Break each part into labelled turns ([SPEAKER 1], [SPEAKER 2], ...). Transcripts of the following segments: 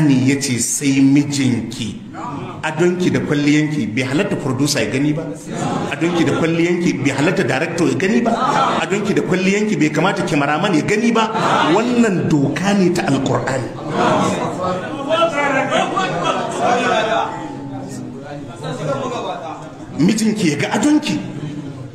[SPEAKER 1] ƙur'ani ya ce sai mijinki adonki da kwalliyanki bai halatta producer ya gani ba adonki da kwalliyanki bai halatta director ya gani ba adonki da kwalliyanki bai kamata cameraman ya gani ba wannan doka ne ta alkur'ani mijinki ya ga donki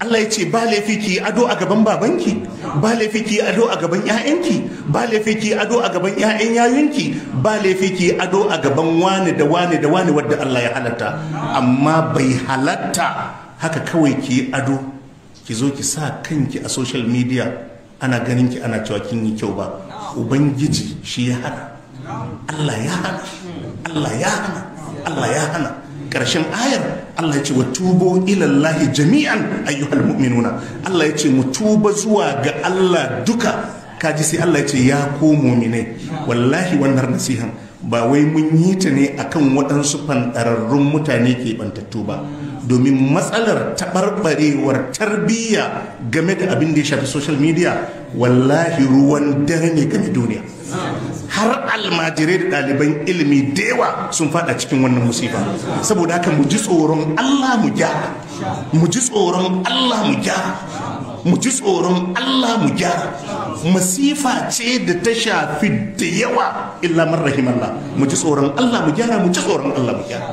[SPEAKER 1] Allah ya ce ba laifi ki ado a gaban babanki ba laifi ki ado a gaban ƴaƴanki ba laifi ki ado a gaban ƴaƴan yayunki ba laifi ki ado a gaban wani da wani da wani wadda Allah ya halatta amma bai halatta haka kawai ki ado ki zo ki sa kanki a social media ana ganin ki ana cewa kin yi kyau ba ubangiji shi ya hana Allah ya hana Allah ya hana Allah ya hana ƙarshen ayar Allah ya ce wa tubo ilallahi jami'an ayyuhal mu'minuna Allah ya ce mu tuba zuwa ga Allah duka kaji sai Allah ya ce ya ko muminai wallahi wannan nasihan ba wai mun yi ta ne akan waɗansu fanɗararrun mutane ke bantattu ba domin matsalar taɓarɓarewar tarbiyya game da abin da ya shafi social media wallahi ruwan dare ne game duniya har almajirai da ɗaliban ilimi da yawa sun fada cikin wannan musifa saboda haka mu ji tsoron Allah mu gyara mu ji tsoron Allah mu gyara mu ji tsoron Allah mu gyara masifa ce da ta shafi da yawa illa man rahim Allah mu ji tsoron Allah mu gyara mu ji tsoron Allah mu gyara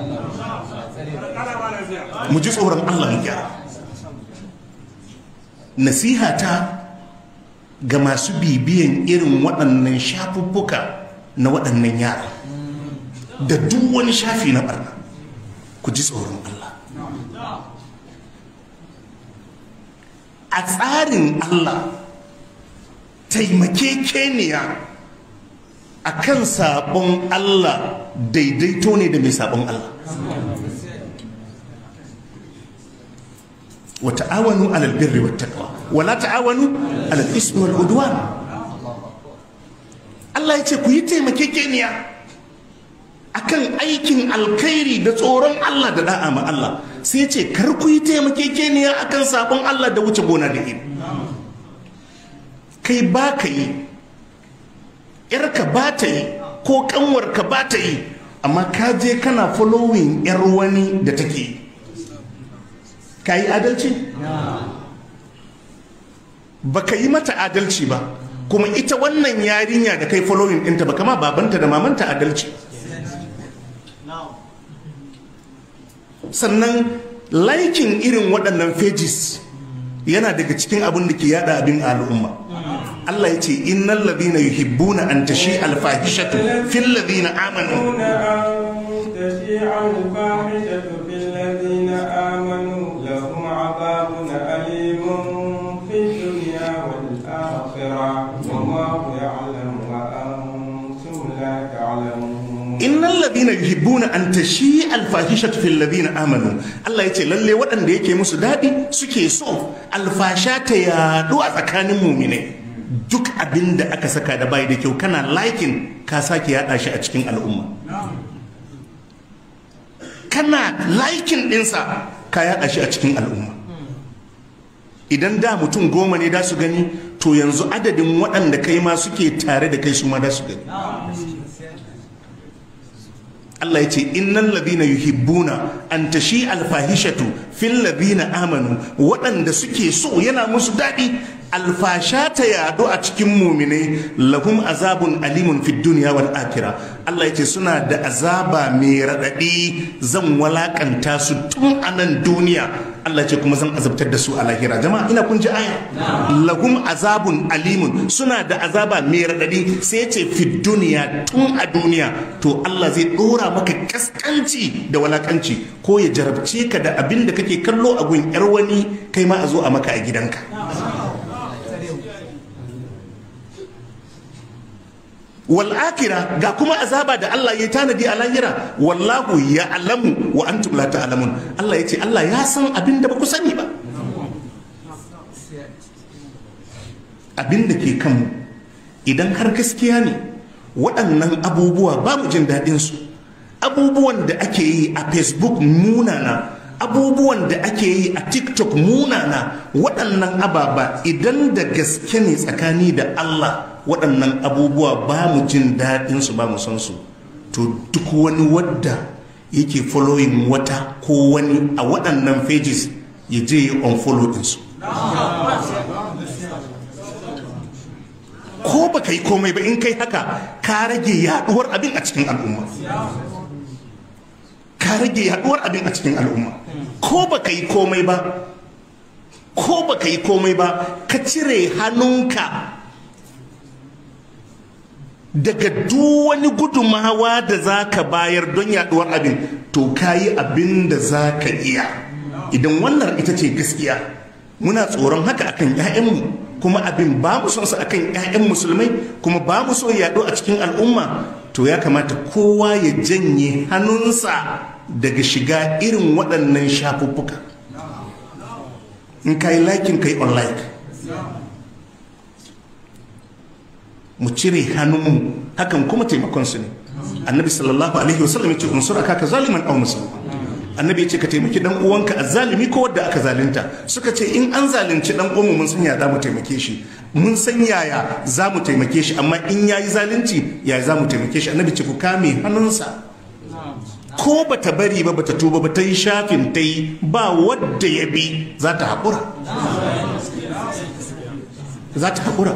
[SPEAKER 1] mu ji tsoron Allah mu gyara nasiha ta ga masu bibiyan irin waɗannan shafuffuka na waɗannan yara da duk wani shafi na barna ku ji tsoron Allah a tsarin Allah taimakekeniya a kan sabon Allah daidaito ne da mai sabon Allah wata awanu alalbirri wata kawai wala ta'awanu alal ismi wal udwan Allah ya ce ku yi taimakekeniya akan aikin alkhairi da tsoron Allah da da'a ma Allah sai ya ce kar ku yi taimakekeniya akan sabon Allah da wuce gona da iri kai ba ka yi yarka ba ta yi ko kanwarka ba ta yi amma ka je kana following yar wani da take ka yi adalci? baka yi mata adalci ba kuma ita wannan yarinya da kai following ɗinta ba kama babanta da mamanta adalci sannan laikin irin waɗannan fejis yana daga cikin abin da ke yada abin al'umma Allah ya ce innal ladina yuhibbuna an tashi alfahishatu fil na amanu alladhina yuhibbuna an tashi alfahishatu fil ladina amanu Allah yace lalle waɗanda yake musu daɗi suke so alfasha ta yaɗu a tsakanin mumine duk abinda aka saka da bai da kyau kana likin ka sake yaɗa shi a cikin al'umma kana likin ɗinsa ka yaɗa shi a cikin al'umma idan da mutum goma ne da su gani to yanzu adadin waɗanda kai ma suke tare da kai su ma da su gani Allah ya ce innan ladina yuhibbuna an tashi alfahishatu fil ladina amanu waɗanda suke so yana musu daɗi alfasha ta yado a cikin muminai lahum azabun alimun fid duniya wal akhira Allah ya ce suna da azaba mai raɗaɗi zan walakanta su tun anan duniya Allah ce kuma zan azabtar da su a lahira jama'a ina kun ji aya lahum azabun alimun suna da azaba mai radadi sai ya ce fi duniya tun a duniya to Allah zai dora maka kaskanci da walakanci ko ya jarabce ka da abin da kake kallo a gun yar wani kai ma a zo a maka a gidanka Wal'akira ga kuma azaba da Allah ya tanadi a lahira wallahu ya alamu wa antum la ta'lamun Allah ya ce Allah ya san abin da ba ku sani ba abin da ke kanmu idan har gaskiya ne waɗannan abubuwa ba mu jin daɗin su abubuwan da ake yi a facebook munana abubuwan da ake yi a tiktok munana waɗannan ababa idan da gaske ne tsakani da Allah waɗannan abubuwa ba mu jin daɗin su ba mu san su to duk wani wadda yake following wata ko wani a waɗannan pages ya je ya unfollow din su ko ba ka yi komai ba in kai haka ka rage yaduwar abin a cikin al'umma ka rage yaɗuwar abin a cikin al'umma ko ba ka yi komai ba ko ba ka yi komai ba ka cire hannunka daga duk wani gudumawa da za ka bayar don yaduwar abin to ka yi abin da za ka iya idan wannan ita ce gaskiya muna tsoron haka akan 'ya'yanmu kuma abin ba mu son su akan 'ya'yan musulmai kuma ba mu so yaɗo a cikin al'umma to ya kamata kowa ya janye hannunsa daga shiga irin waɗannan shafuffuka in ka yi in ka yi unlike mu cire hannunmu hakan kuma taimakon su ne annabi sallallahu alaihi wasallam ya ce unsur akaka zaliman aw musliman annabi ya ce ka taimaki dan uwanka a ko wadda aka zalunta suka ce in an zalunci dan uwanmu mun san ya za mu taimake shi mun san yaya za mu taimake shi amma in yayi zalunci yaya za mu taimake shi annabi ce ku kame hannunsa ko bata bari ba bata tuba ba ta yi shafin ta yi ba wadda ya bi za ta haƙura za ta haƙura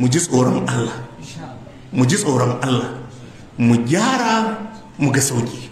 [SPEAKER 1] mu ji tsoron Allah mu ji tsoron Allah mu gyara mu ga sauki